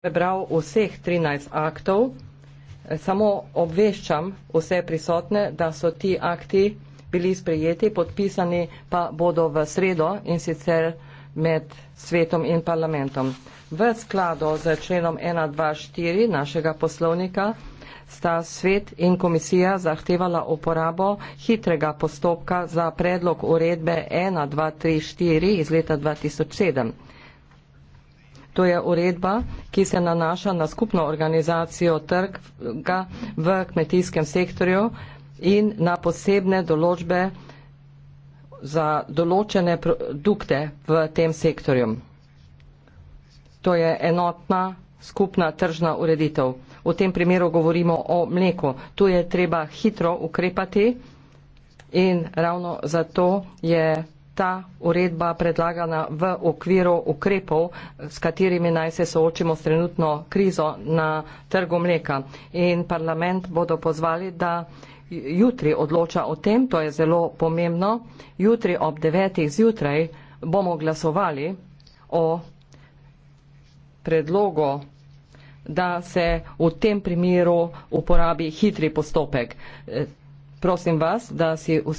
prebral vseh 13 aktov, samo obveščam vse prisotne, da so ti akti bili sprejeti, podpisani pa bodo v sredo in sicer med svetom in parlamentom. V skladu z členom 124 našega poslovnika sta svet in komisija zahtevala uporabo hitrega postopka za predlog uredbe 1234 iz leta 2007. To je uredba, ki se nanaša na skupno organizacijo trga v kmetijskem sektorju in na posebne določbe za določene produkte v tem sektorju. To je enotna skupna tržna ureditev. V tem primeru govorimo o mleku. Tu je treba hitro ukrepati in ravno zato je ta uredba predlagana v okviru ukrepov, s katerimi naj se soočimo s trenutno krizo na trgu mleka. In parlament bodo pozvali, da jutri odloča o tem, to je zelo pomembno. Jutri ob devetih zjutraj bomo glasovali o predlogu da se v tem primeru uporabi hitri postopek. Prosim vas, da si vsi